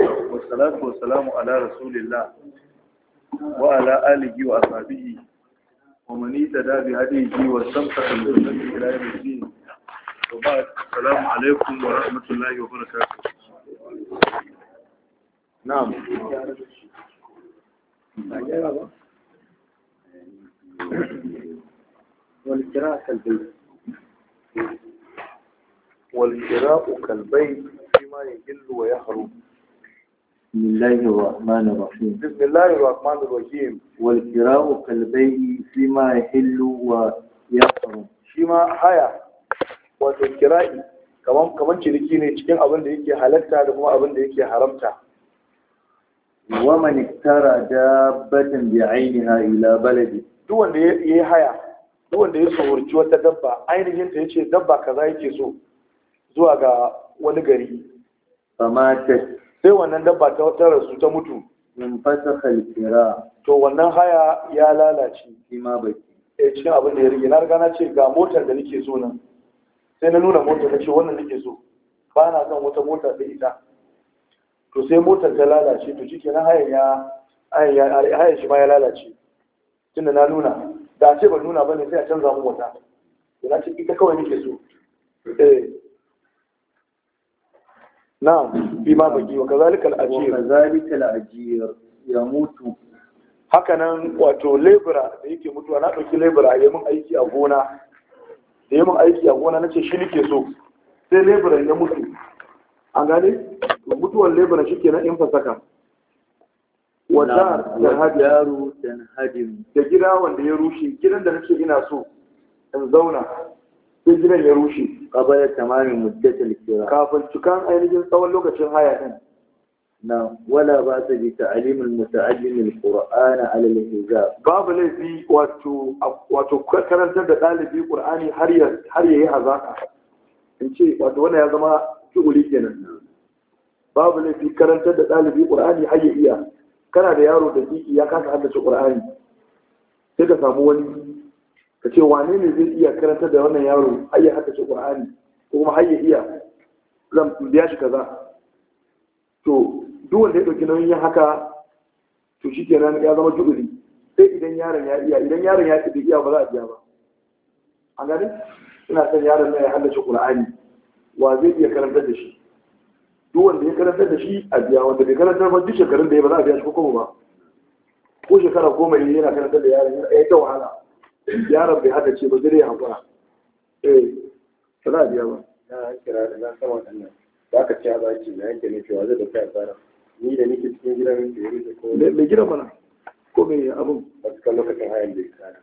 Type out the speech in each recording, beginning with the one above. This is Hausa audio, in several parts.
والصلاة والسلام على رسول الله وعلى آله وأصحابه ومن اهتدى بهديه واستمتع بالنبي إلى يوم الدين وبعد السلام عليكم ورحمة الله وبركاته نعم والقراءة كالبيت والقراءة كالبيت مما يجل ويخرج بسم الله الرحمن الرحيم بسم الله الرحمن الرحيم والكراء كالبيع فيما يحل ويحرم فيما حيا والكراء ciniki ne cikin abin da yake halatta da kuma abin da yake haramta wa man iktara dabbatan bi ainiha ila baladi duk wanda yayi haya duk wanda ya tsohurci wata dabba ainihin ta yace dabba kaza yake so zuwa ga wani gari famatat sai wannan dabba ta wata rasu ta mutu in fasa al to wannan haya ya lalace kima baki eh cikin abin da ya rige na riga na ce ga motar da nake so nan sai na nuna motar na ce wannan nake so ba na son wata motar da ita to sai motar ta lalace to shi kenan hayan ya hayan shi ma ya lalace tunda na nuna da ce ba nuna ba ne sai a canza mu wata to na ce ita kawai nake so eh na'am fi ma baki wa kazalika al-ajir kazalika al-ajir ya mutu hakanan wato lebura da yake mutuwa na ɗauki lebura ya mun aiki a gona da ya aiki a gona na ce shi nake so sai lebura ya mutu A gane mutuwar lebura shi kenan in fasaka Wata da hajjaru da gida wanda ya rushe gidan da na ce ina so in zauna hijiran ya rushe qabala tamamin muddatil kira kafin cikan ainihin tsawon lokacin haya din na wala ba ta bi ta'alimul muta'allim alquran ala alhijab babu laifi wato karantar da dalibi qur'ani har ya yi hazaka in ce wato wani ya zama fi'uli kenan babu laifi karantar da dalibi qur'ani har ya iya kana da yaro da kiki ya kasa haddace qur'ani sai ka samu wani ka ce wane ne zai iya karanta da wannan yaro har haka ce qur'ani ko kuma hayya iya zan biya shi kaza to duk wanda ya dauki nauyin haka to shi kenan ya zama ju'uli sai idan yaron ya iya idan yaron ya iya iya ba za a biya ba an gani ina son yaron na ya hallace qur'ani wa zai iya karanta da shi duk wanda ya karanta da shi a biya wanda bai karanta ba duk shekarun da ya ba za a biya shi ko kuma ba ko shekara goma ne yana karanta da yaron ya ta wahala yaron bai hada ce ba zai ya haƙura eh sana biya ba na kira da na sama wannan ba ka ci abaki na yanke ne cewa zai da kai tsara. ni da nake cikin gidan da ya rufe ko mai gidan mana ko abun Ba su kan lokacin hayan da ya kara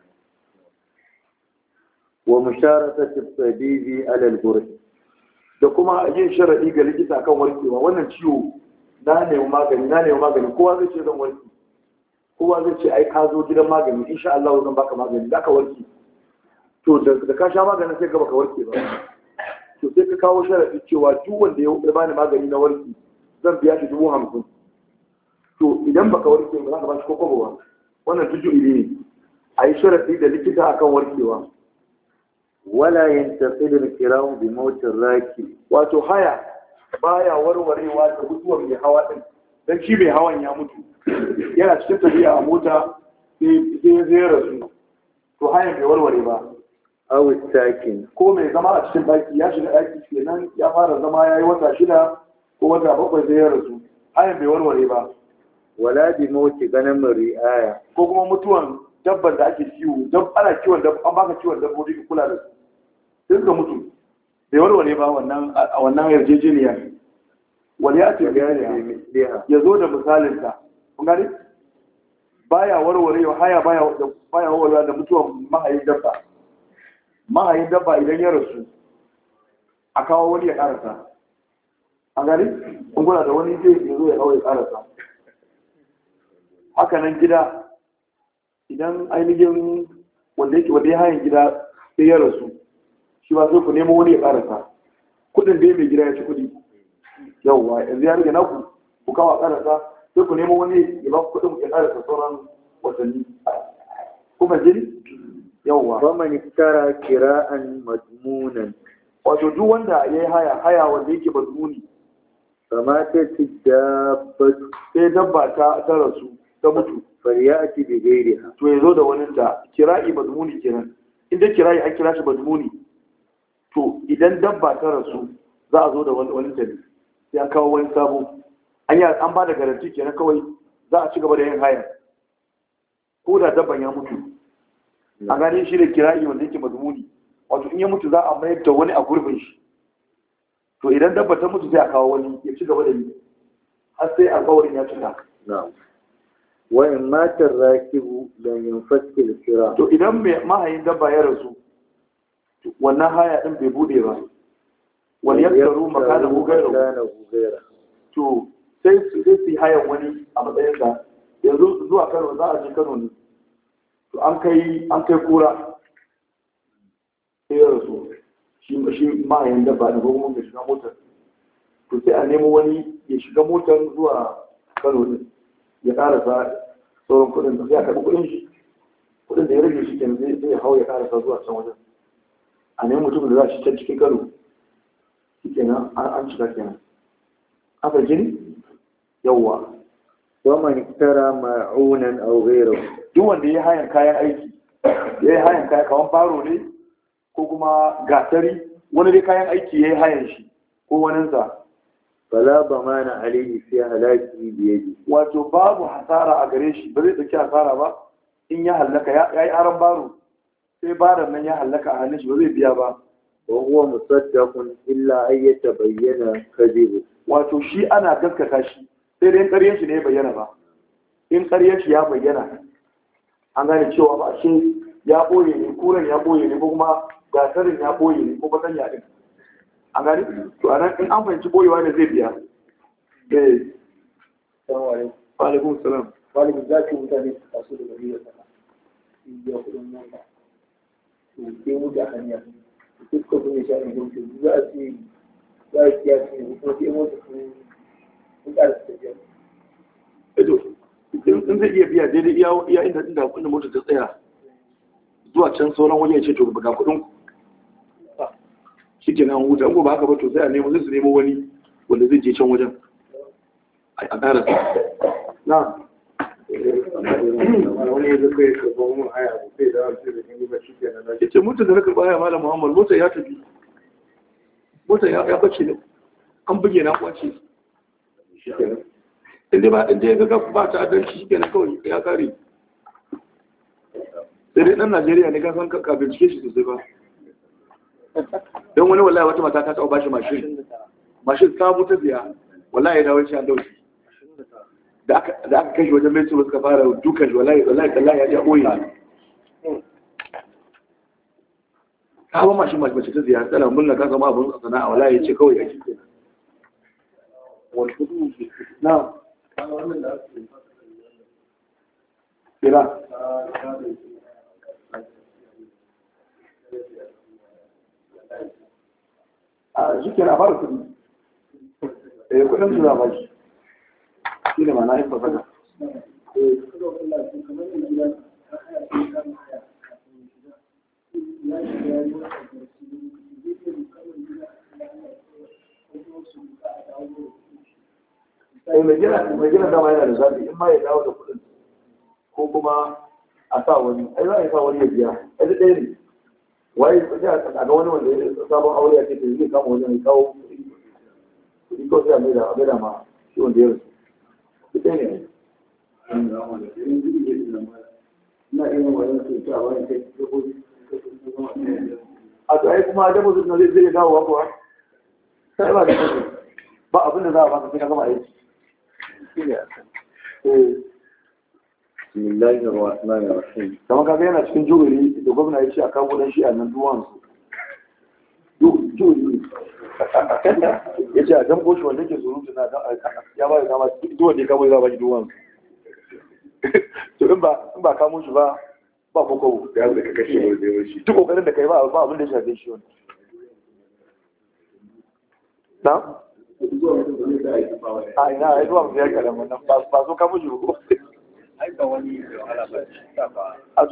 wa musharata tabibi alal gurb da kuma yin sharadi ga likita kan warkewa wannan ciwo na nemi magani na ne magani kowa zai ce zan warke kowa zai ce ai ka zo gidan magani insha Allah zan baka magani za ka warke to da ka sha magani sai ka baka warke ba to sai ka kawo sharadi cewa duk wanda ya bani magani na warke zan biya shi dubu hamsin to idan baka warke ba za ka ba shi kokobo ba wannan tuju ile ne a yi sharadi da likita akan warkewa wala yantasil al-kiram bi mawt ar-raki wato haya baya warwarewa da mutuwar mai hawa din dan shi bai hawan ya mutu yana cikin tafiya a mota sai zai rasu to hayan bai warware ba awi takin ko mai zama a cikin daki ya shiga daki kenan ya fara zama ya yi wata shida ko wata bakwai zai rasu hayan bai warware ba wala bi moti ganin ri'aya ko kuma mutuwan dabban da ake kiwo dab ana kiwon dab an baka kiwon dabbobi ka kula da su sai ka mutu bai warware ba wannan wannan yarjejeniyar waliyati biyaniha ya zo da misalin ta kun gane baya warware haya baya baya warware da mutuwar mahayin dabba mahayin dabba idan ya rasu a kawo wani ya karasa an gari kun kuna da wani zai yanzu ya kawo ya karasa haka nan gida idan ainihin wanda yake wanda ya hayan gida sai ya rasu shi ba sai ku nemo wani ya karasa kudin da ya mai gida ya ci kudi yawwa yanzu ya rage naku ku kawo karasa sai ku nemo wani ya ba ku kuɗin ya karasa sauran watanni kuma jini yawwa ba mani tara kira'an madmunan wato duk wanda ya yi haya haya wanda yake madmuni kama ta ci dabba sai dabba ta tara rasu ta mutu fariyati bi ha to ya zo da wani ta kira'i madmuni kenan inda kira'i an kira shi madmuni to idan dabba ta rasu za a zo da wani ta ne ya kawo wani sabo an yi an ba da garanti na kawai za a ci gaba da yin haya. ko da dabban ya mutu a gani shi da kirayi wanda yake mazmuni wato in ya mutu za a mayar da wani a gurbin shi to idan dabba ta mutu sai a kawo wani ya ci gaba da yi har sai alƙawarin ya cika wa in matar rakibu yin yanfasil kira to idan mahayin dabba ya rasu wannan haya din bai bude ba wani yaktaru makanahu gaira to sai su sai su hayan wani a matsayin da yanzu zuwa Kano za a je Kano ne to an kai an kai kura sai ya rasu shi shi mahayin ba da kuma mai shiga motar to sai a nemo wani ya shiga motar zuwa Kano ne ya karasa sauran kuɗin da ya karɓi kuɗin shi kuɗin da ya rage shi kenan zai hau ya karasa zuwa can wajen a nemi mutum da za shi can cikin Kano kenan an shiga kenan aka jini yawwa wa man wanda ya hayan kayan aiki ya hayan kawan ne ko kuma gatari wani dai kayan aiki ya hayan shi ko waninsa fala ba mana alaihi fi halaki bi yadi wato babu hasara a gare shi ba zai tsaki hasara ba in ya hallaka ya yi aran baro sai baron nan ya hallaka a hannun shi ba zai biya ba وهو مصدق إلا أن يتبين كذبه wato shi ana gaskata shi sai dai ƙaryen shi ne ya bayyana ba in ƙaryen shi ya bayyana an gane cewa ba shi ya ɓoye ne kuren ya ɓoye ne ko kuma gasarin ya ɓoye ne ko bakan ya ɗin an gane to a nan in an fahimci ɓoyewa ne zai biya eh salamu alaikum salam walibin za ki mutane su taso daga biyar sana in biya kuɗin mota to ke da hanyar iska kuma sha ne gurfi za a ce za a kiya su ne Edo, eh in zai iya biya daidai iya inda inda kuɗin mota ta tsaya zuwa can sauran wajen ya ce to ga kuɗin ku. Ah. Shi nan huta, in ba haka ba to sai a nemo zai nemo wani wanda zai je can wajen. A ƙara. Na. ya ce mutum da na karɓa haya malam muhammad motar ya tafi motar ya bace ne an buge na kwace inda ba inda ya gaga ba ta adalci shi kenan kawai ya kare sai dai dan najeriya ne kasan ka bincike shi sosai ba don wani wallahi wata mata ta taɓa bashi mashin mashin ta mutu biya wallahi ya dawo shi an dauki da aka kashi wajen mai suka fara dukan shi wallahi wallahi wallahi ya boye ne ka ba mashi mashi ta ziyara tsala mun ka sama abun sana'a wallahi ya ce kawai ya kike na Ira. A jikin a fara kudi. a yi eh, kudin su na ba shi ne mana haifar Eh mai gina dama yana da zafi in ma ya dawo da kuɗin ko kuma a sa wani ai za a sa wani ya biya ai da ɗaya ne waye a ga wani wanda ya sabon aure zai kama wani ya kawo kuɗi a mai ɗaya ne a tsaye kuma shi da kuma ba deposit ba abin da za a baka sai ka gama aiki eh. bismillahir kamar kaga yana cikin jururi da gwamnati ya ce a kawo dan shi a nan duwansu to ne ya ce a gan goshi wanda ke surutu na ya da dama duk wanda ya kamo ya ba shi duwan to in ba kamo shi ba ba ya da ka kashe wanda ya shi duk kokarin da kai ba ba abin da ya shafe shi wani na a ina ya zuwa mu ba so kamo shi ba a zuwa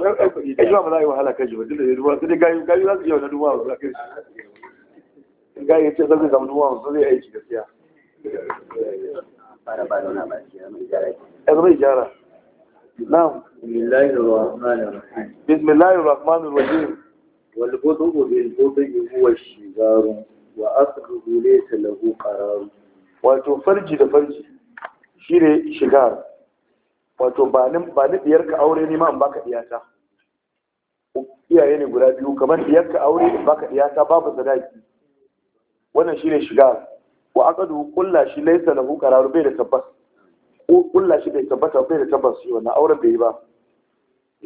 za a yi wahala ya sai dai gayu za su wani duwa ba za ga ya ce zai zama duwan su zai aiki gaskiya zai gyara na'am bismillahir rahmanir rahim wal budu bil budu huwa shigaru wa asluhu laysa lahu qarar wato farji da farji shine shigar wato ba ni ba ni diyar ka aure ni ma in baka diyata iyaye ne guda biyu kamar diyar ka aure in ka diyata babu sadaki wannan shine shiga wa aqadu kulla shi laysa lahu qarar bai da tabbas kulla shi bai tabbata bai da tabbas shi wannan auren bai yi ba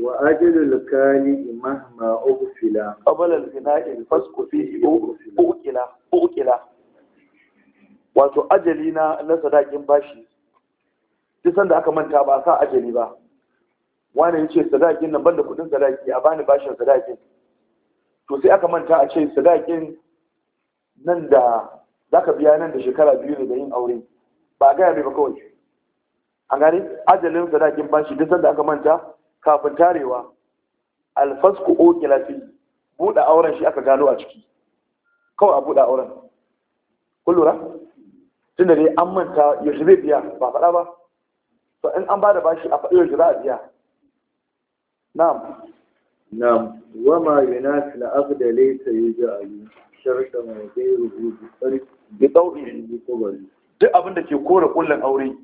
wa ajidu kali mahma ufila qabla al-fina'i fasku fihi uqila uqila wato ajali na na sadakin bashi duk sanda aka manta ba sa ajali ba wani yace sadakin nan banda kudin sadaki a bani bashin sadakin to sai aka manta a ce sadakin nan da za ka biya nan da shekara biyu ne da yin aure ba a gaya mai ba kawai A gani ajalin sadakin bashi duk sanda aka manta kafin tarewa alfasku o kilafi buɗe auren shi aka gano a ciki kawai a buɗe auren kun lura tun da dai an manta yanzu zai biya ba faɗa ba to in an ba da bashi a faɗi yanzu za a biya na'am na'am wama yunafi la'abda laysa yuja'alu duk abin da ke kore kullen aure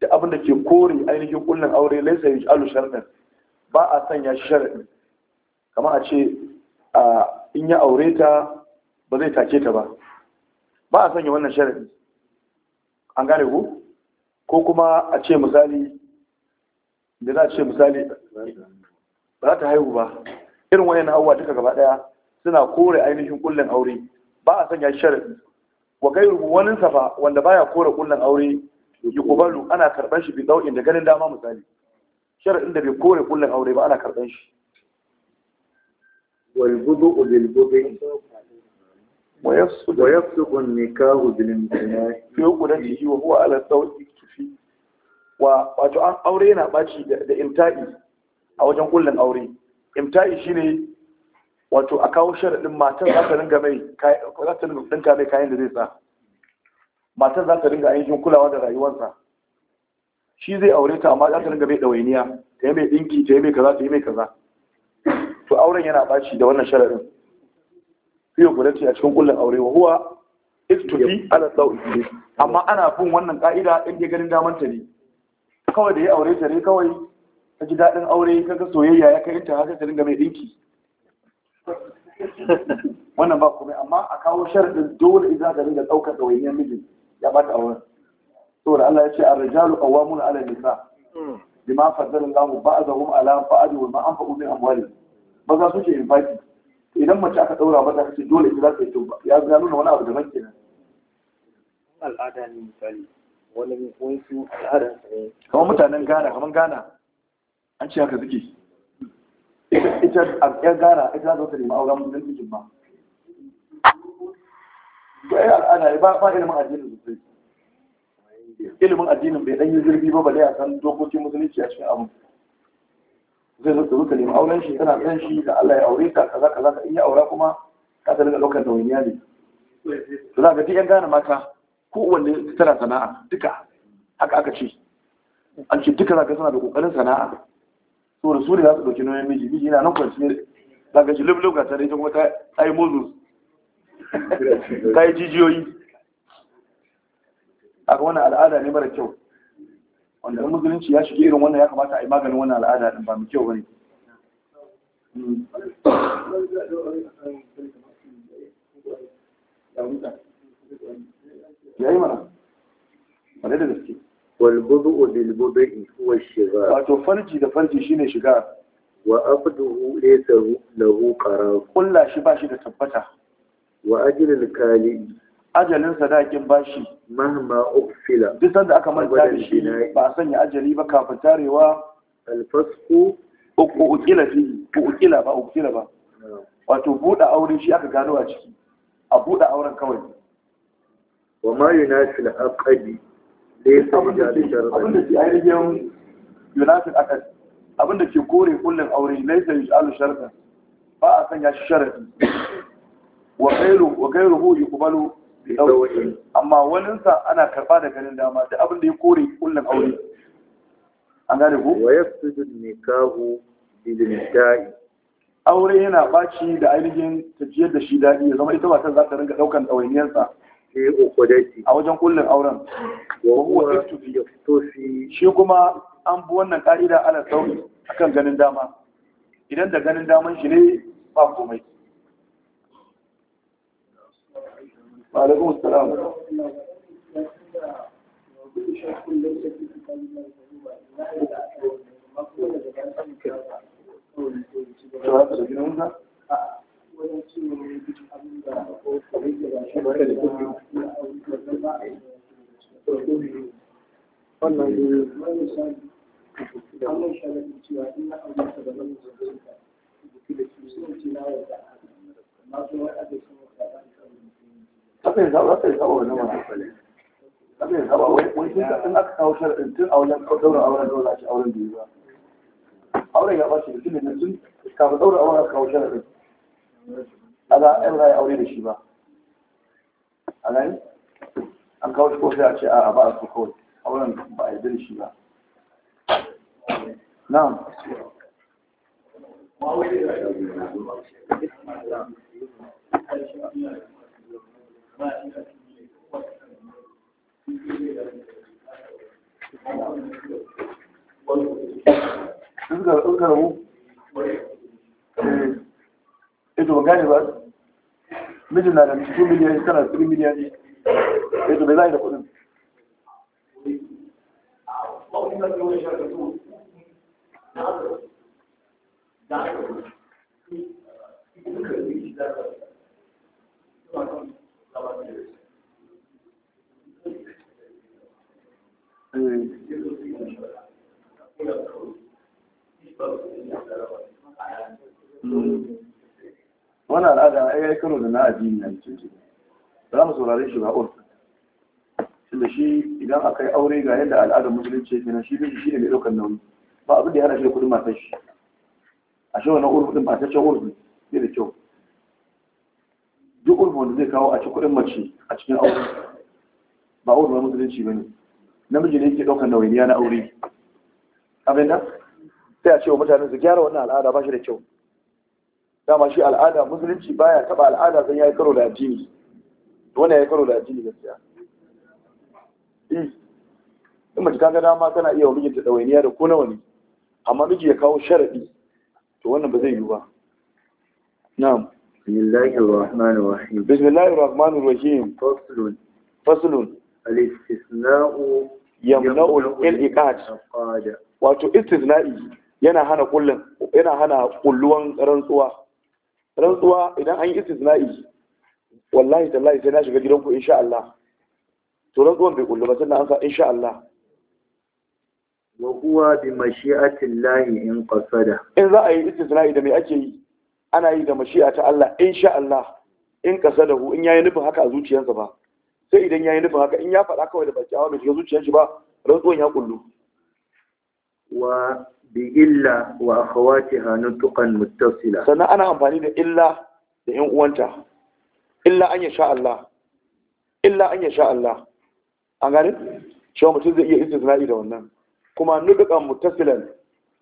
da abin da ke kore ainihin kullen aure laisa yi alu sharɗin ba a sanya shi sharaɗi kama a ce in ya aure ta ba zai take ta ba ba a sanya wannan sharaɗi an gane ku ko kuma a ce misali da za a ce misali ba za ta haihu ba irin wayan hawa duka gaba ɗaya suna kore ainihin kullun aure ba a sanya sharadi wa gairu wani safa wanda baya kore kullun aure yuqbalu ana karban shi bi dau'in da ganin dama misali sharadin da bai kore kullun aure ba ana karban shi wal budu lil budu ويفسق النكاح بالامتناع في قدرته وهو على الصوت يكتفي wato an aure yana baci da imta'i a wajen kullun aure imta'i shine wato a kawo sharaɗin matan za ta ringa mai za ta ɗinka mai kayan da zai sa matan za ta ringa ainihin kulawa da rayuwarsa shi zai aure ta amma za ta ringa mai ɗawainiya ta yi mai ɗinki ta yi mai kaza ta yi mai kaza to auren yana ɓaci da wannan sharaɗin fiye ce a cikin kullum aure wa huwa istufi ala sau'i amma ana bin wannan ka'ida in ya ganin daman ta ne kawai da ya aure ta ne kawai ta ji daɗin aure ga soyayya ya kai ta haka ta ringa mai ɗinki wannan ba kuma amma a kawo sharadin dole iza da ringa daukar dawainiyar mijin. ya bata auren saboda Allah ya ce ar-rijalu qawwamuna 'ala an-nisa hmm. bima faddala Allah ba'dahum 'ala ba'd wa ma anfaqu min amwalihim maza suke infaki idan mace aka daura mata kace dole ita za ta yi tuba ya ga nuna wani abu daban kenan al'ada ne misali wani wasu al'adansu ne kamar mutanen Ghana kamar Ghana an ce haka suke ita a ƴan gara ita za ta nemi auren musulunci ba to ai al'ada ba ba ilimin addinin sosai ilimin addinin bai dan yi zurfi ba bale a san dokokin musulunci a cikin abu zai zo ta nemi auren shi tana san shi da Allah ya aure ka kaza kaza ka iya aura kuma ka ta daga daukar dawainiya ne to za ka ji ƴan gane mata ko wanne tana sana'a duka haka aka ce an ce duka za ka suna da kokarin sana'a saboda su ne za su ɗauki nauyin miji miji yana nan kwanci za ka lub-lub ga tare ita kuma ta yi mozus ta yi jijiyoyi a ga wannan al'ada ne mara kyau wanda in musulunci ya shige irin wannan ya kamata a yi maganin wannan al'ada din ba mu kyau ba ne. yi mana wadda da gaske والبضع بالبضع هو الشغار واتو فرجي ده فرجي شيني شغار وأبده ليس له قرار قل شي باشي ده تبتا وأجل الكالي ajalin sadakin bashi mahma ukfila duk sanda aka manta da shi ba a sanya ajali ba kafin tarewa alfasku ukila ba ukila ba wato buɗe aure shi aka gano a ciki a buɗe auren kawai wa ma yunasil aqdi Eh, abinda ke ainihin yunafin akad abinda ke kore kullum aure laisa alu shartan ba a sanya shi sharadi wa ghayru wa da yuqbalu amma waninsa ana karba da ganin dama da abinda ya kore kullum aure an gane ku? wa yafsidu nikahu bil nida'i aure yana baci da ainihin jiyar da shi daɗi, ya zama ita matar za ta ringa daukan ɗawainiyarsa fi ukudati a wajen kullun auren wa huwa yaktubi shi kuma an bu wannan ka'ida ala sauri akan ganin dama idan da ganin daman shi ne ba komai wa alaikum assalam Thank abin zaba sai zaba wannan da aka kawo tun auren daura auren dole a auren da ba auren ya bashi daura auren aka kawo sharadin kaga ai ba aure da shi ba a gani an kawo shi ko a ce a ba a so kawai auren ba a yi da shi ba na'am ito gane ba mijin na da 2 miliyan tana 3 miliyan ne ito bai za da kudin Mm-hmm. Eh. wani al'ada ya yi karo da na addini na cikin za mu saurari shi ba urfi tunda shi idan aka yi aure ga yadda al'adar musulunci ke na shi bin shi ne mai ɗaukar nauyi ba abin da ya hana shi da kuɗin matar shi a shi wannan urfi ɗin mataccen urfu ne da kyau duk urfu wanda zai kawo a ci kuɗin mace a cikin aure ba urfi musulunci ba ne namiji ne yake ɗaukar nauyi na aure abin da sai a ce wa mutane su gyara wannan al'ada ba shi da kyau dama shi al'ada musulunci baya taba al'ada don ya yi karo da addini wannan ya yi karo da addini gaskiya eh, in mace ta kaga dama tana iya wa ta dawainiya da ko nawa ne amma miji ya kawo sharadi to wannan ba zai yiwu ba na'am bismillahir rahmanir rahim bismillahir rahmanir rahim faslun faslun al-istisna'u yamna'u al-iqad wato istisna'i yana hana kullun yana hana kulluwan rantsuwa rantsuwa idan an yi istisna'i wallahi tallahi sai na shiga gidanku insha Allah to rantsuwan bai kullu ba sannan an sa insha Allah wa huwa bi lahi in qasada in za a yi istisna'i da me ake yi ana yi da mashi'a ta Allah insha Allah in hu in yayi nufin haka a zuciyarsa ba sai idan yayi nufin haka in ya faɗa kawai da baki awa bai shiga zuciyar shi ba rantsuwan ya kullu wa bi illa wa akhawatiha nutqan muttasila sannan ana amfani da illa da yan uwanta illa an sha Allah illa an sha Allah an gane cewa mutum zai iya istisna'i da wannan kuma nutqan muttasilan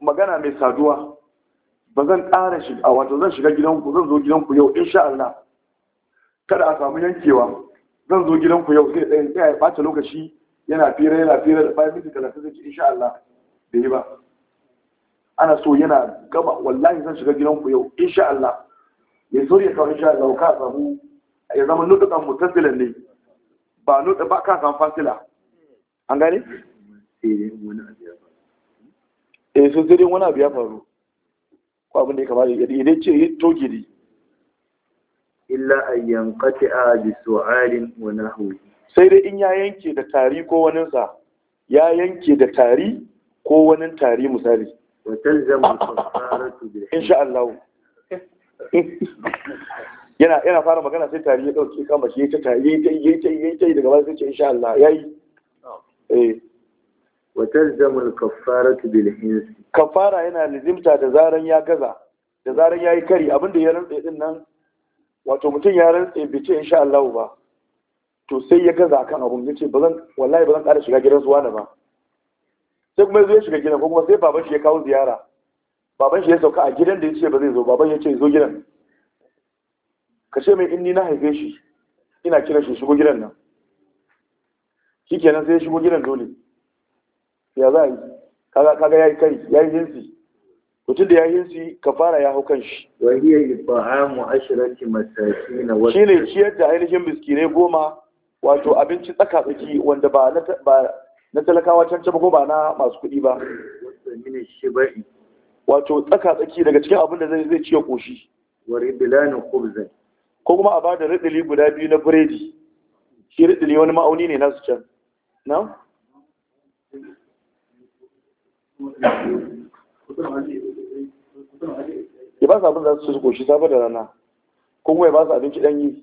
magana mai saduwa ba zan ƙara shi a wato zan shiga gidanku zan zo gidanku yau insha Allah kada a samu yankewa zan zo gidanku yau sai ɗaya ya ɓata lokaci yana fira yana fira da bayan minti talatin zai ci insha Allah da ba ana so yana gaba wallahi zan shiga gidanku yau insha Allah ya so ya kawo insha Allah ka samu ya zama nutukan mutasilan ne ba nutu ba ka san fasila an gane eh sun dai wani abu ya faru ko abin da ya kamata ya dai ce ya toge di illa an yanqati'a bi su'alin wa nahwi sai dai in ya yanke da tari ko waninsa ya yanke da tari ko wani tari misali insha Allah yana yana fara magana sai tari ya dauke kama shi ta tari ya yi yayi yi yayi yi yayi yi daga ba sai ce insha Allah yayi eh wa talzamu al-kaffaratu bil hins kaffara yana lizimta da zaran ya gaza da zaran yayi kari abinda ya rantsa din nan wato mutum ya rantsa bai ce insha Allah ba to sai ya gaza kan abun yace bazan wallahi bazan ƙara shiga gidan su wani ba sai kuma zai ya shiga gidan ko kuma sai baban shi ya kawo ziyara baban shi ya sauka a gidan da ya ce ba zai zo baban ya ce zo gidan ka ce mai inni na haife shi ina kira shi shigo gidan nan shi kenan sai ya shigo gidan dole ya za a yi kaga ya yi kai ya yi hinsi mutum da ya yi hinsi ka fara ya hau kanshi wahiyar iba'amu ashirati mataki na wata shi ne ciyar da ainihin biskine goma wato abinci tsaka-tsaki wanda ba na talakawa can can ba na masu kuɗi ba wato tsaka tsaki daga cikin abin da zai ciye koshi wa ridilanin khubzin ko kuma a ba da ridili guda biyu na biredi shi ridili wani ma'auni ne nasu can na ya ba su abin da su koshi safe da rana ko kuma ya ba su abinci ɗanyi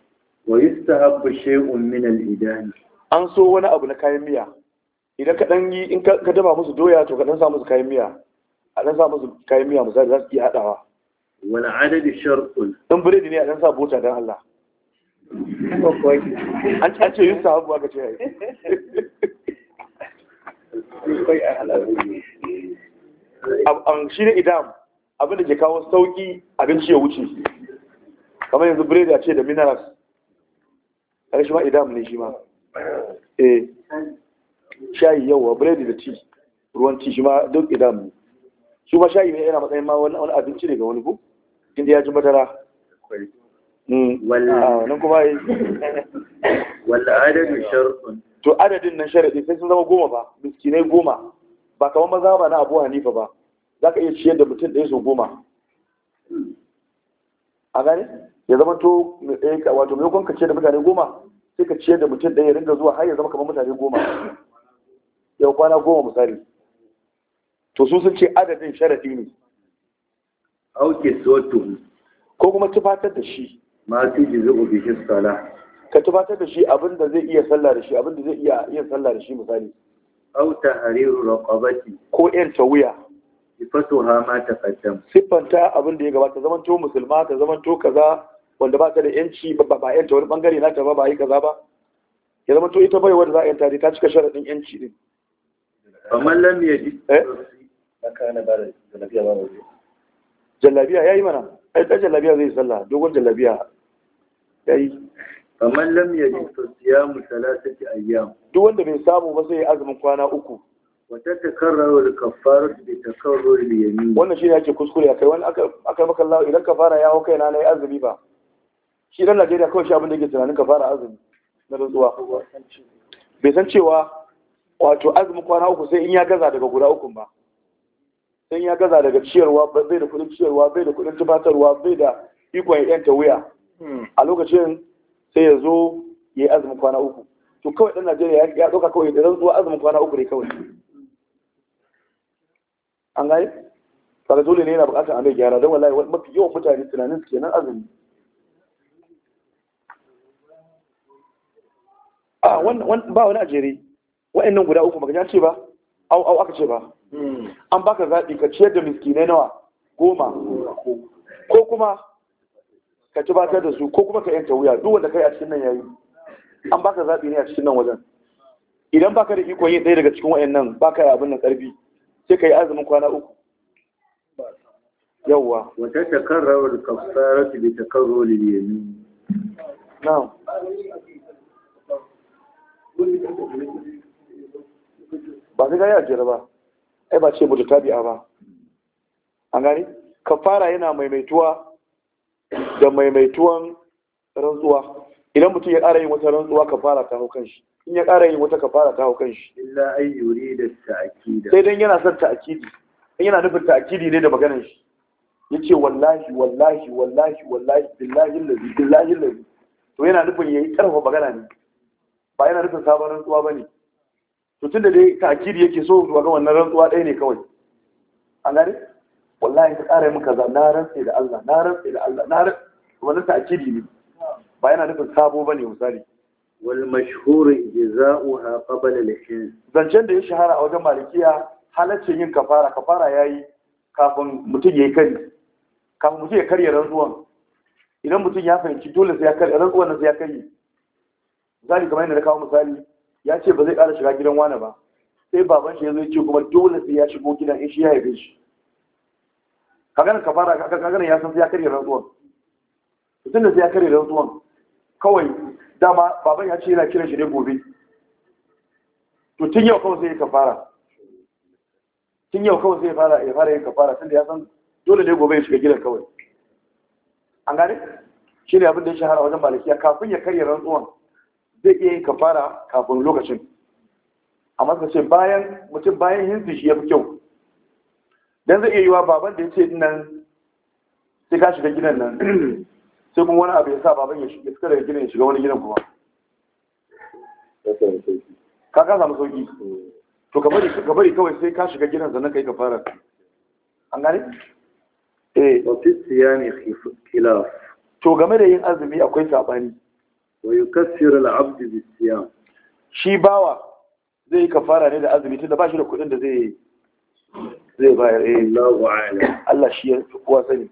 wa yustahabbu shay'un min al-idan an so wani abu na kayan miya idan ka dan yi in ka dama musu doya to ka dan sa musu kayan miya a dan sa musu kayan miya misali za su iya hadawa wal adad shartun dan biredi ne a dan sa bota dan Allah an ce yin sahabu aka ce ai an shi ne idan abin da ke kawo sauki abinci ya wuce kamar yanzu biredi a ce da minerals kare shi ma idam ne shi ma eh shayi yawa biredi da ci ruwan ci shi ma duk idam ne su ma shayi ne yana matsayin ma wani abinci ne ga wani ko inda ya ji madara hmm. ah, wannan kuma yi wala adadin sharɗin to adadin nan sharaɗi sai sun zama goma ba miskinai goma ba kamar maza ba na abu hanifa ba za ka iya ciyar da mutum ɗaya sau goma a gane ya zama to eh, wato mai kwan kace da mutane goma sai ka ciyar da mutum ɗaya ringa zuwa har ya zama kamar mutane goma yau kwana goma misali to su sun ce adadin sharafi ne auke soto ko kuma tufatar da shi masu ji zai obi shi sala ka tufatar da shi abin da zai iya sallah da shi abin da zai iya yin sallah da shi misali au Hariru raqabati ko yan wuya? sifatu ha ma taqaddam sifanta abin da ya gabata zaman to musulma ka zaman to kaza wanda ba ta da yanci ba ba yanta wani bangare na ta ba ba yi kaza ba ya zama to ita bai wanda za a yanta ta cika sharaɗin yanci din amma lam eh? ya ji jallabiya ya yi mana ai ɗan jallabiya zai sallah dogon jallabiya ya yi amma lam ya ji to siyamu salasati ayyam duk wanda bai samu ba sai ya azumin kwana uku wata karrawa da kafarar da kawo da yamin wannan shi ne ake kuskure a kai wani aka maka idan kafara ya hau na, na yi azumi ba shi dan Najeriya kawai shi abin da yake tunanin ka fara azumi na rantsuwa bai san cewa wato azumin kwana uku sai in ya gaza daga guda uku ba sai in ya gaza daga ciyarwa bai da kudin ciyarwa bai da kudin tubatarwa bai da ikon yanta wuya hmm. a lokacin sai ya zo ya yi azumin kwana uku to kawai dan Najeriya ya ɗauka kawai da rantsuwa azumin kwana uku ne kawai an gani kaga dole ne yana buƙatar a mai gyara don wallahi mafi yawan mutane tunanin su kenan azumi ba wani ajere wa'annan guda uku maka ce ba au au aka ce ba hmm. an baka zaɓi ka ciyar da miskinai nawa goma ko kuma ka ci batar da su ko kuma ka yanta wuya duk wanda kai a cikin nan yayi an baka zaɓi ne a cikin nan wajen idan baka da ikon yin ɗaya daga cikin wa'annan baka yi abin nan ƙarfi sai ka yi azumin kwana uku yawwa wata takarrawar ta bi takarrul yamin na'am ba su gaya jira ba ai ba ce mutu tabi'a ba an gani kafara yana maimaituwa da maimaituwan rantsuwa idan mutum ya ƙara yin wata rantsuwa kafara ta hau kanshi in ya ƙara yin wata kafara ta hau kanshi illa yuri da ta'akida sai dan yana son ta'akidi, in yana nufin ta'akidi ne da maganar shi yace wallahi wallahi wallahi wallahi billahi allazi billahi allazi to yana nufin yayi karfa magana ne ba yana nufin sabon rantsuwa ba ne to tun da dai ta'kiri yake so zuwa ga wannan rantsuwa ɗaya ne kawai an gane wallahi ka ƙara min kaza na rantsi da Allah na rantsi da Allah na rantsi wannan ta'kiri ne ba yana nufin sabo ba ne misali wal mashhur jaza'uha qabla al-hin zancen da ya shahara a wajen malikiya halaccin yin kafara kafara yayi kafin mutum ya yi kari kafin mutum ya karya rantsuwan idan mutum ya fahimci dole sai ya karya rantsuwan sai ya karya. zai kamar yadda na kawo misali ya ce ba zai ƙara shiga gidan wani ba sai baban shi ya zai ce kuma dole sai ya shigo gidan in shi ya haife shi kaganin ka fara kaganin ya san sai ya karya rantsuwan mutum da sai ya karya rantsuwan kawai dama baban ya ce yana kiran shi ne gobe to tun yau kawai sai ya kafara tun yau kawai sai ya fara ya fara yin kafara tunda ya san dole ne gobe ya shiga gidan kawai an gane shi ne abin da ya shahara wajen malakiya, kafin ya karya rantsuwan zai iya yin kafara kafin lokacin amma suka ce bayan mutum bayan hinzi shi ya fi kyau don zai iya yiwa baban da ya ce nan sai ka shiga gidan nan sai kuma wani abu ya sa baban ya shiga suka daga gidan ya shiga wani gidan kuma ka ka samu sauki to ka bari kawai sai ka shiga gidan sannan kai kafara an gane eh wa siya ne khilaf to game da yin azumi akwai sabani wa العبد بالصيام شي باوا زي shi bawa zai kafara ne da azumi tunda ba shi da kuɗin da zai zai bayar eh Allahu Allah shi ya kuwa sani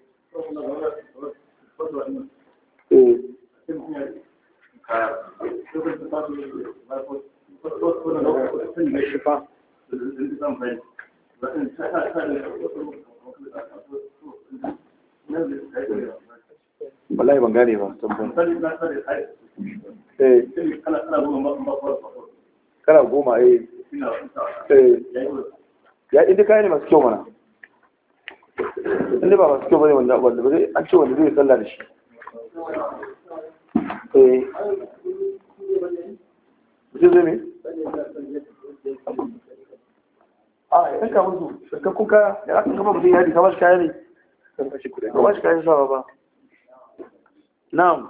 eh. ban gane ba tambayar. Eh. Kana goma eh. Eh. ya inda ne masu kyau mana inda ba masu kyau bane wanda wanda ba an ce wanda zai sallah da shi eh zai zai a ya sarkakun ya aka kama kamar kaya ne kamar shi kaya ne ba na'am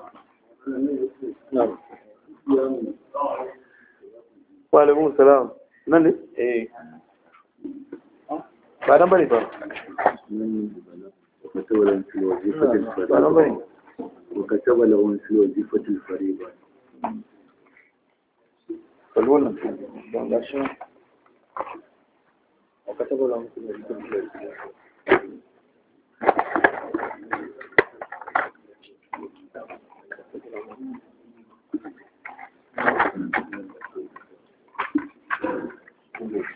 نعم. وعليكم السلام من ne? eh ba وكتب لهم نعم. إيه؟ في الوظيفة الفريضة وكتب لهم في الفريضة وكتب لهم في الوظيفة الفريضة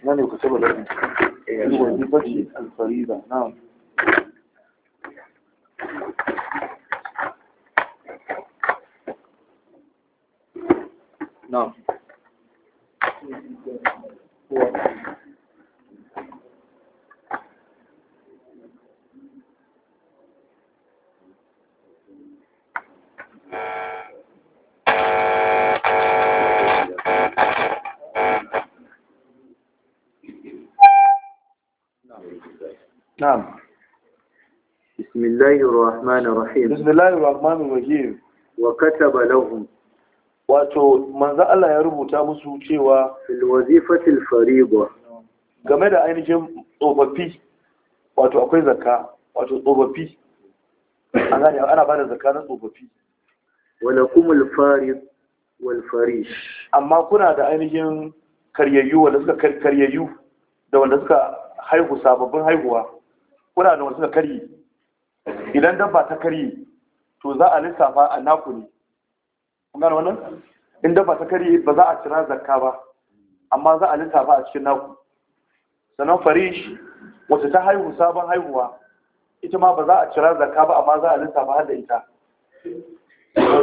nani kutoka zaidi wajibati alfarida naam Na. الله الرحمن ya rubuta musu cewa fil wazifatil fariḍa da ainihin tsofaffi wato na tsofaffi kuna da ainihin karyayyu wanda suka karyayyu da wanda suka haihu sababbin da wanda karye idan dabba ta karye to za a lissafa a naku ne kun wannan in dabba ta karye ba za a cira zakka ba amma za a lissafa a cikin naku sannan farish wata ta haihu sabon haihuwa ita ma ba za a cira zakka ba amma za a lissafa har da ita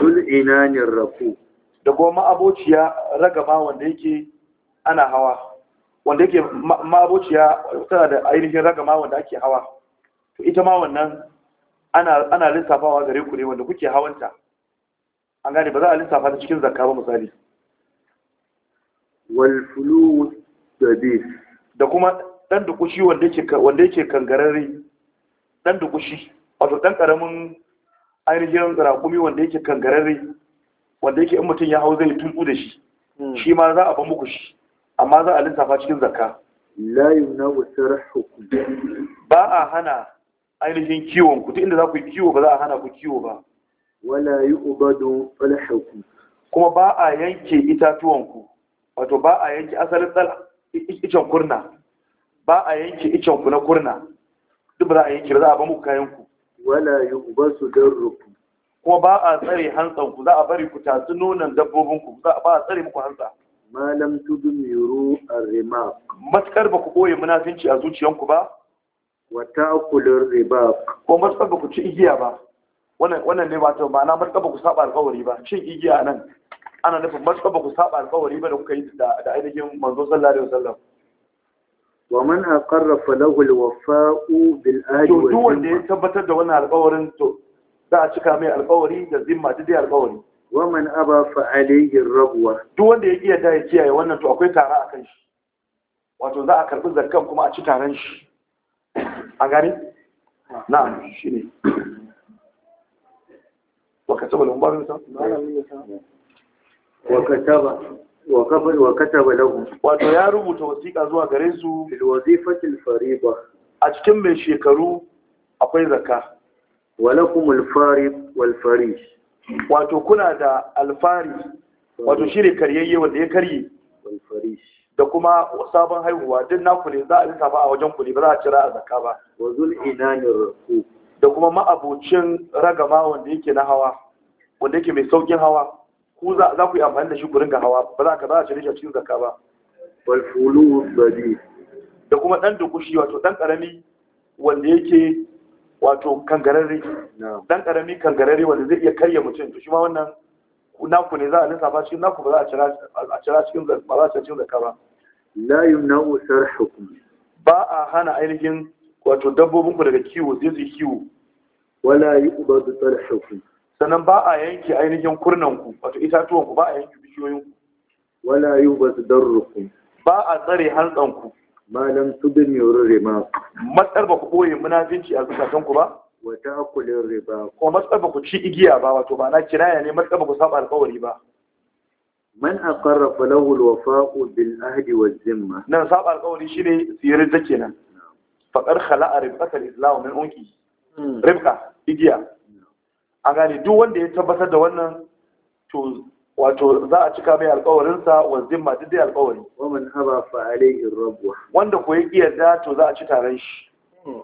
zul'inanin raku da goma abociya ragama wanda yake ana hawa wanda yake abociya tana da ainihin ragama wanda ake hawa to ita ma wannan ana lissafawa gare ku ne wanda kuke hawanta an gane ba za a lissafa ta cikin zakka ba misali wal fulus sabi da kuma dan dukushi wanda yake wanda yake kangararre dan dukushi wato dan karamin ainihin zarakumi wanda yake kangararre wanda yake in mutum ya hau zai tuntu da shi hmm. shi ma za a ba muku shi amma za a lissafa cikin zakka la yumna wa sarhukum ba a hana ainihin kiwon ku duk inda za ku yi kiwo ba za a hana ku kiwo ba wala yi yu'badu falhaku kuma ba a yanke itatuwan ku wato ba a yanke asalin tsala icen kurna ba a yanke icen ku na kurna duk ba za a yanke ba za a ba muku kayan ku wala yi don rufu kuma ba a tsare hantsan ku za a bari ku tatsi nonon dabbobin ku ba a tsare muku hantsa malam tudmiru arrima matkar ba ku boye munafinci a zuciyanku ba Wata ta'kulur riba ko matsar ba ku ci igiya ba wannan ne ba ta ma'ana matsar ba ku saba alƙawari ba cin igiya nan ana nufin matsar ba ku saba alƙawari ba da kuka yi da ainihin manzo sallallahu alaihi wasallam wa man aqarra falahu alwafa'u bil ahdi wal duk wanda ya tabbatar da wannan alƙawarin to za a cika mai alƙawari da zimma da dai alƙawari wa man aba fa alayhi rabwa duk wanda ya kiyata ya kiyaye wannan to akwai tara akan shi wato za a karbi zakkan kuma a ci taran shi a gane na'am shi ne wato ya rubuta wasiƙa zuwa gare su a cikin mai shekaru akwai zaka walakum kuma alfari walfari. wato kuna da alfari? wato wato shine karyayye wanda ya karye wal da kuma sabon haihuwa duk naku ne za a lissafa a wajen ku ne ba za a cira a zaka ba wazul zul inanir rafu da kuma ma'abocin ragama wanda yake na hawa wanda yake mai saukin hawa ku za ku yi amfani da shi ku ringa hawa ba za ka za a cire shi a cikin zaka ba wal fulu badi da kuma dan dukushi wato dan karami wanda yake wato kangarare dan karami kangarare wanda zai iya karya mutum to shi ma wannan naku ne za a lissafa cikin naku ba za a cira cikin ba za a cira cikin zakka ba la yumna'u sarhukum ba a hana ainihin wato dabbobin ku daga kiwo zai zai kiwo wala yuqbadu sarhukum sannan ba a yanke ainihin kurnan ku wato itatuwan ku ba a yanke bishiyoyin ku wala yuqbadu darrukum ba a tsare hantsan ku malam tudun yorin riba matsar ba ku ɓoye munafinci a zukatan ku ba wata akulin riba ko matsar ba ku ci igiya ba wato ba na kiraya ne matsar ba ku saba alkawari ba man aqarra falahu alwafa'u bil ahdi wa zimma nan saba alƙawari shine siyar da kenan Fakar khala'a ribqat al-islam min unki hmm. Rifka, igiya an gane duk wanda ya tabbatar da wannan to wato za a cika mai alƙawarinsa wa zimma duk dai alƙawari wa man haba fa alayhi rabbuh wanda ko ya kiyarda to za a ci taron shi hmm.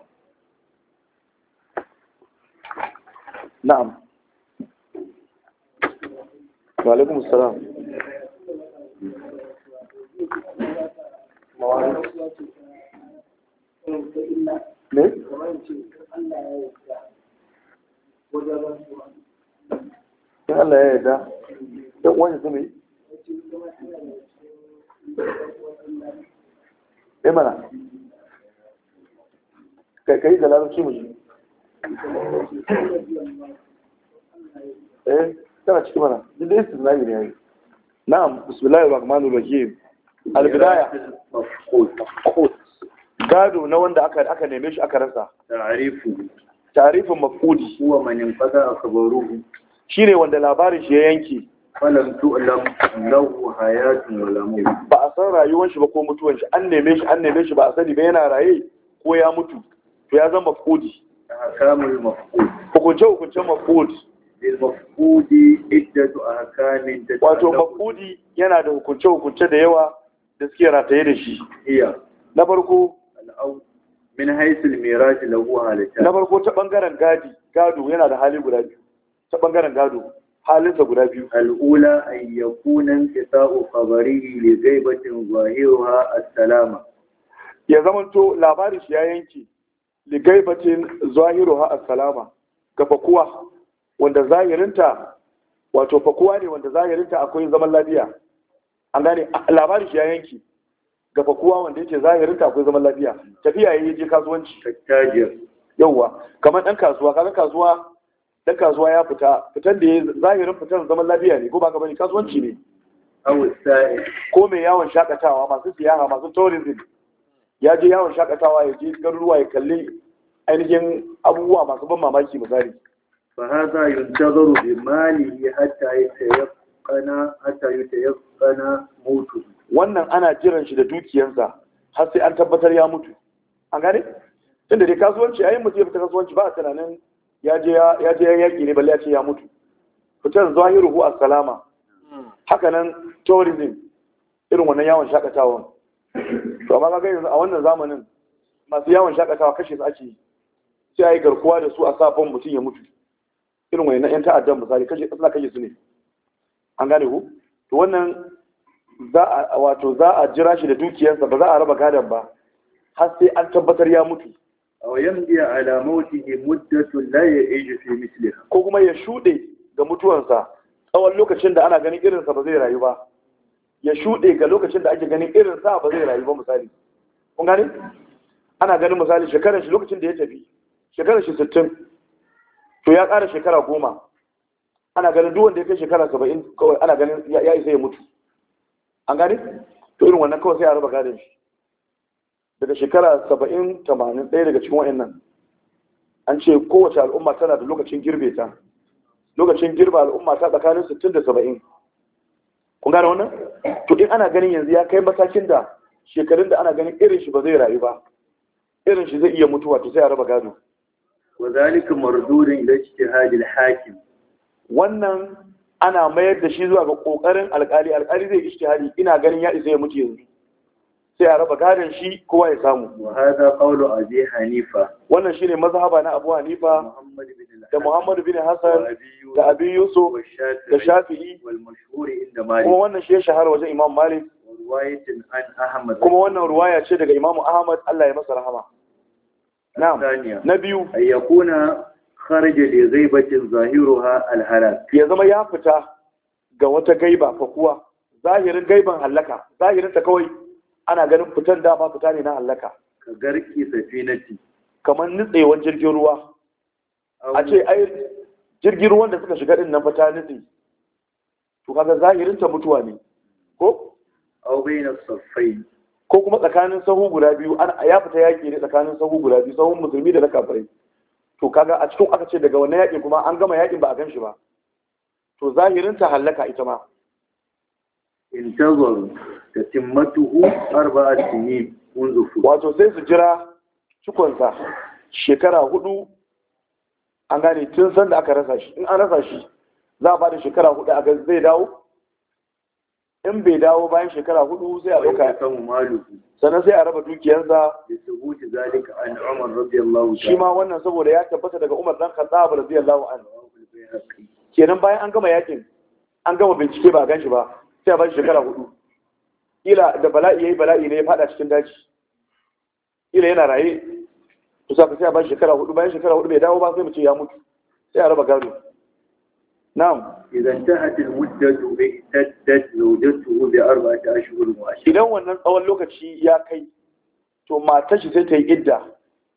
na'am wa alaikum assalam ne? in Allah ya yarda ɗan wani zama yi? Eh mana kai da larabci mu eh tana ciki mana duk da yi. na'am bismillahir rahmanir rahim albidaya gado na wanda aka neme shi aka rasa tarifin mafudi huwa man yanqada akhbaruhu shine wanda labarin shi ya yanke falam tu'lam lahu hayatun wala maut ba a san rayuwar shi ba ko mutuwar shi an neme shi an neme shi ba a sani ba yana raye ko ya mutu to ya zama mafudi ahkamul mafud hukunce hukuncen mafud lil iddatu ahkamin wato mafudi yana da hukunce hukunce da yawa da suke rataye da shi iya na farko min haisul miraj lahu halata na farko ta bangaren gadi gado yana da hali guda biyu ta bangaren gado halinsa guda biyu al'ula an yakuna inqita'u khabarihi li ghaibatin zahiruha assalama. ya zamanto labarin shi ya yanke li ghaibatin zahiruha assalama. ga fakuwa wanda zahirinta wato fakuwa ne wanda zahirinta akwai zaman lafiya an gane labarin shi ya yanki gafa kowa wanda yake zahirin akwai zaman lafiya tafiya ya je kasuwanci yauwa kamar ɗan kasuwa kaga kasuwa ɗan kasuwa ya fita fitan da ya zahirin fitan zaman lafiya ne ko ba ka bane kasuwanci ne ko mai yawon shakatawa masu siyaha masu tourism ya je yawon shakatawa ya je garuruwa ya kalli ainihin abubuwa masu ban mamaki misali فهذا ينتظر بماله حتى يتيقن yutaqana hatta yutaqana mutu wannan ana jiran shi da dukiyarsa har sai an tabbatar ya mutu an gane tunda dai kasuwanci ayin mutu ya fita kasuwanci ba a tunanin ya je ya je yaki ne balle ya ce ya mutu fitar zahiruhu as-salama haka nan tourism irin wannan yawon shakatawan to amma kaga yanzu a wannan zamanin masu yawon shakatawa kashe su ake yi sai a yi garkuwa da su a sa mutum ya mutu irin wani na 'yan ta'addan misali kashe kashe su ne an gane ku to wannan za a wato za a jira shi da dukiyarsa ba za a raba gadon ba har sai an tabbatar ya mutu aw yamdi ala mawtihi muddatu la ya'iju fi mithliha ko kuma ya shude ga mutuwansa tsawon lokacin da ana ganin irinsa ba zai rayu ba ya shude ga lokacin da ake ganin irinsa ba zai rayu ba misali kun gane ana ganin misali shekarar shi lokacin da ya tafi shekarar shi sittin, to ya ƙara shekara goma ana ganin duk wanda ya kai shekara saba'in kawai ana ganin ya isa ya mutu an gani to irin wannan kawai sai a raba gadon shi daga shekara saba'in tamanin ɗaya daga cikin wayannan. an ce kowace al'umma tana da lokacin girbe ta lokacin girba al'umma ta tsakanin sittin da saba'in kun gane wannan to in ana ganin yanzu ya kai matakin da shekarun da ana ganin irin shi ba zai rayu ba irin shi zai iya mutuwa to sai a raba gado wa zalika mardudin ila ijtihadil hakim wannan ana mayar da shi zuwa ga kokarin alkali alkali zai ishtihari ina ganin ya isa ya mutu yanzu sai a raba gadon shi kowa ya samu hada qawlu abi hanifa wannan shine mazhaba na abu hanifa da muhammad bin hasan da abi yusuf da shafi'i kuma wannan shi ya shahara wajen imam malik kuma wannan ruwaya ce daga imam ahmad Allah ya masa rahama na biyu ayyakuna kharaja li ghaibatin zahiruha al-halak ya zama ya fita ga wata gaiba fa kuwa zahirin gaiban halaka zahirin ta kawai ana ganin fitan da ba fita ne na halaka ka garki safinati kamar nitsewar jirgin ruwa a ce ai jirgin ruwan da suka shiga din nan fata nitsi to kaga zahirin ta mutuwa ne ko aw bayna safai ko kuma tsakanin sahu guda biyu ya fita yaki ne tsakanin sahu guda biyu sahun musulmi da na kafirai to kaga a cikin aka ce daga wannan yakin kuma an gama yakin ba a gan shi ba to zahirin ta halaka ita ma in tazal da timmatuhu arba'a sinin munzu wato sai su jira cikonsa shekara hudu an gane tun san da aka rasa shi in an rasa shi za a bada shekara hudu a zai dawo in bai dawo bayan shekara hudu sai a ɗauka sannan sai a raba dukiyarsa shi ma wannan saboda ya tabbata daga Umar dan Khattab radiyallahu anhu kenan bayan an gama yakin an gama bincike ba ganshi ba sai a bashi shekara hudu kila da bala'i yayi bala'i ne ya fada cikin daji kila yana raye to sai a bashi shekara hudu bayan shekara hudu bai dawo ba sai mu ce ya mutu sai a raba gado na'am idan tahat al-muddatu ihtaddat zawjatuhu bi arba'ati ashhur wa idan wannan tsawon lokaci ya kai to matar shi sai ta yi idda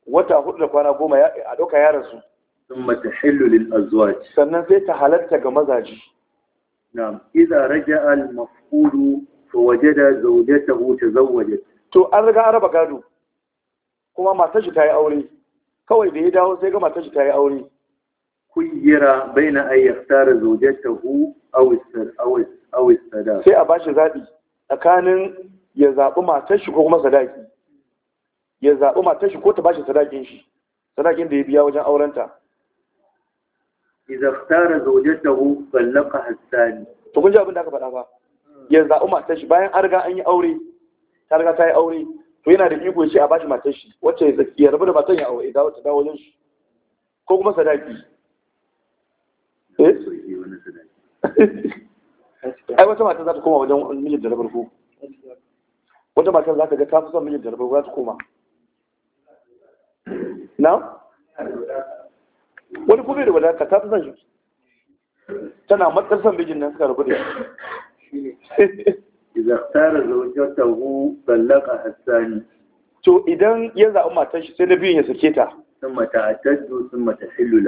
wata hudu kwana goma a dauka ya rasu ثم تحل للأزواج sannan sai ta halatta ga mazaji na'am idza raja'a al-mafqud fa wajada zawjatahu tazawwajat to an riga an raba gado kuma matar shi ta yi aure kawai da ya dawo sai ga matar shi ta yi aure kuyyira بين an يختار زوجته او aw aw sadaq sai a bashi zabi tsakanin ya zabi matar ko kuma sadaki ya zabi matar كو ko ta شي sadakin shi sadakin da ya biya wajen aurenta فلقها الثاني to kun ji abin da aka faɗa ba ya zaɓi matar shi bayan an riga an yi aure ta riga ta yi aure to yana da iko shi a bashi matar shi wacce ya rabu da matar ya dawo wajen shi ko kuma sadaki Eh? ai wata mata za ta koma wajen mijin da na farko wata matar za ta ga tafi son mijin da na farko za ta koma na wani kuma da wadata ta fi son shi tana matsar son mijin nan suka rabu da shi إذا اختار زوجته طلقها الثاني to idan ya zaɓi matar shi sai na biyun ya sake ta sun mata sun mata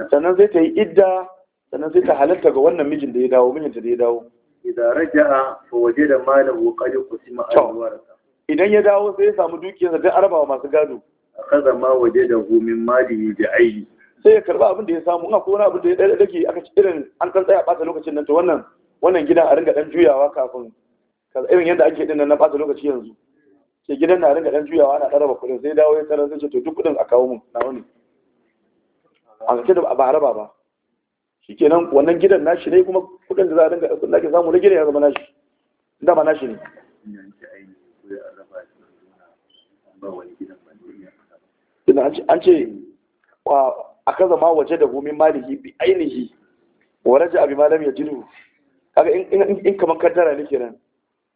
sannan zai ta yi idda sannan sai ta halatta ga wannan mijin da ya dawo mijinta da ya dawo idan raja'a fa wajada malahu qad qusima al-warasa idan ya dawo sai ya samu dukiyarsa da arabawa masu gado A akaza ma da gumin malihi da aini sai ya karba abin da ya samu ina akwai wani abin da ya dade dake aka ci irin an kan tsaya ɓata lokacin nan to wannan wannan gidan a ringa ɗan juyawa kafin irin yadda ake ɗin nan na ɓata lokaci yanzu sai gidan na ringa ɗan juyawa ana ɗaraba kuɗin sai dawo ya tarar sai ce to duk kuɗin a kawo mun na wani a ga da ba raba ba shikenan wannan gidan nashi ne kuma kudin da za a dinga kudin da ke samu na gidan ya zama nashi da ba nashi ne an ce a kaza ma waje da gomin maliki bi ainihi wa raja abi malam ya jiru kaga in kamar kaddara ne kenan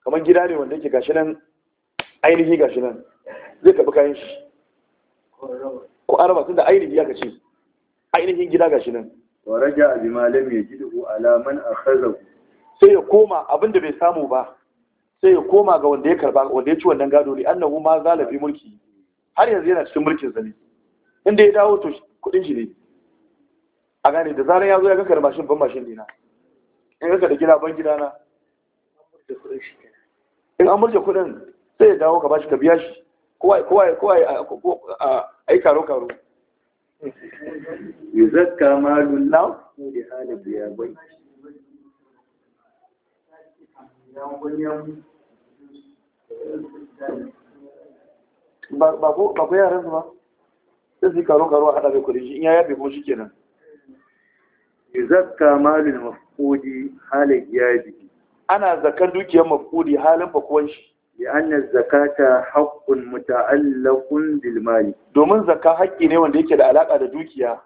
kamar gida ne wanda yake gashi nan ainihi gashi nan zai kabi kayan shi ko araba tunda ainihi ya kace ainihin gida gashi nan waraja raja bi ma lam yajidu ala man akhazahu sai ya koma abinda bai samu ba sai ya koma ga wanda ya karba wanda ya ci wannan gado ne annahu ma zalafi mulki har yanzu yana cikin mulkin zane. inda ya dawo to kudin shi ne a gane da zaran ya zo ya ga karba shin ban mashin dina in ka da gida ban gida na in an murje kudin sai ya dawo ka bashi ka biya shi kowa kowa kowa a yi karo karo yuzakka malul law bi halati ya bai ba ko yaran su ba sai su karo karo a hada bai kudi in ya yabe ko shikenan yuzakka malul mafqudi halin biki. ana zakar dukiyar mafqudi halin bakuwan shi لأن الزكاة حق متعلق بالمال domin zakka haƙƙi ne wanda yake da alaƙa da dukiya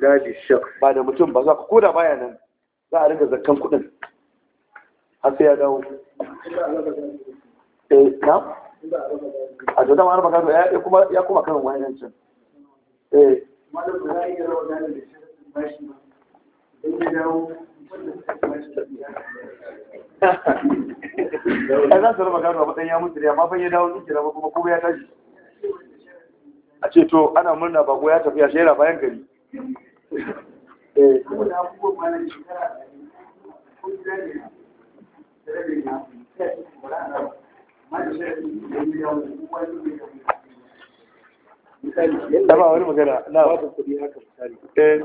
la bi shakhs ba da mutum ba za ka koda baya nan za a riga zakkan kuɗin har sai ya dawo eh na a da dama arba gado ya kuma ya kuma kan wayan can eh malam ba za a yi rawa da shi ba shi ba dawo ai za su raba a matsayin ya mutu ne amma mafan ya dawo duki ba kuma kuma ya tashi a ce to ana murna bako ya tafi a shera bayan gari Dama wani magana na wata kudi haka misali. Eh.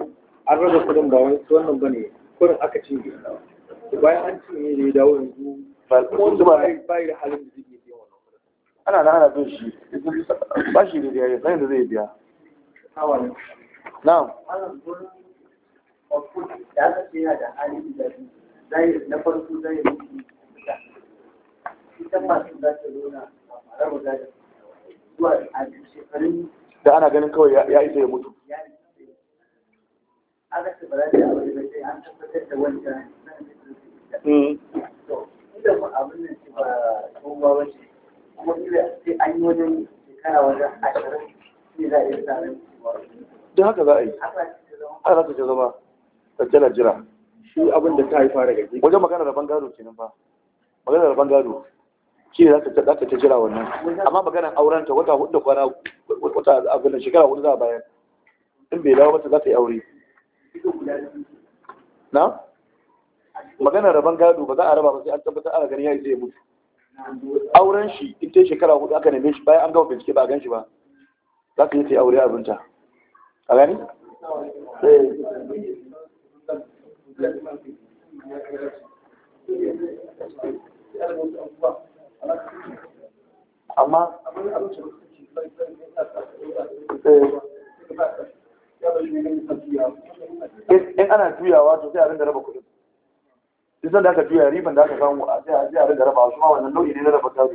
An rage kudin ba wani wannan ba ne kurin aka cinye bayan an cinye ne wanda bai da halin da zai biya wannan ana na ana shi ba shi da ya san da zai biya na'am da aka ce yana da halin da zai na farko zai yi masu ta a raba za da ana ganin kawai ya isa ya mutu aka za yi ce ba a don haka za a yi za ta ce zama tattala jira shi abin da ta haifa daga gaji. wajen magana da bangaro nan fa magana da bangaro shi ne za ta ta jira wannan amma maganar auren ta wata hudu da kwana wata abin da shekara hudu za a bayan in bai dawo mata za ta yi aure na magana rabon gado ba za a raba ba sai an tabbatar ana ganin yi zai mutu auren shi in ta shekara hudu aka neme shi bayan an gama bincike ba a gan shi ba za ka yi ta yi aure abinta a gani amma eh. in ana juyawa to sai a rinda raba kudin duk da aka juya riban da aka samu a sai a rinda raba su ma wannan nau'i ne na raba gado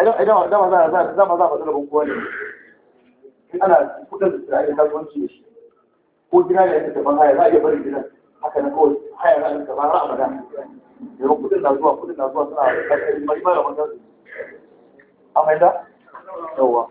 idan dama za a za a faɗi rabin kowa ne in ana kudin da ake kasuwanci da shi ko gina ne ake taban haya za a iya bari gidan haka na kawai haya za a rinka har abada yawan kudin na zuwa kudin na zuwa suna da ƙarfi mai mara wanda su amma yadda yawa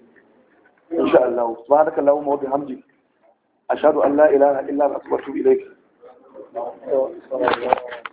إن شاء الله سبحانك اللهم وبحمدك أشهد أن لا إله إلا أنت أستغفرك إليك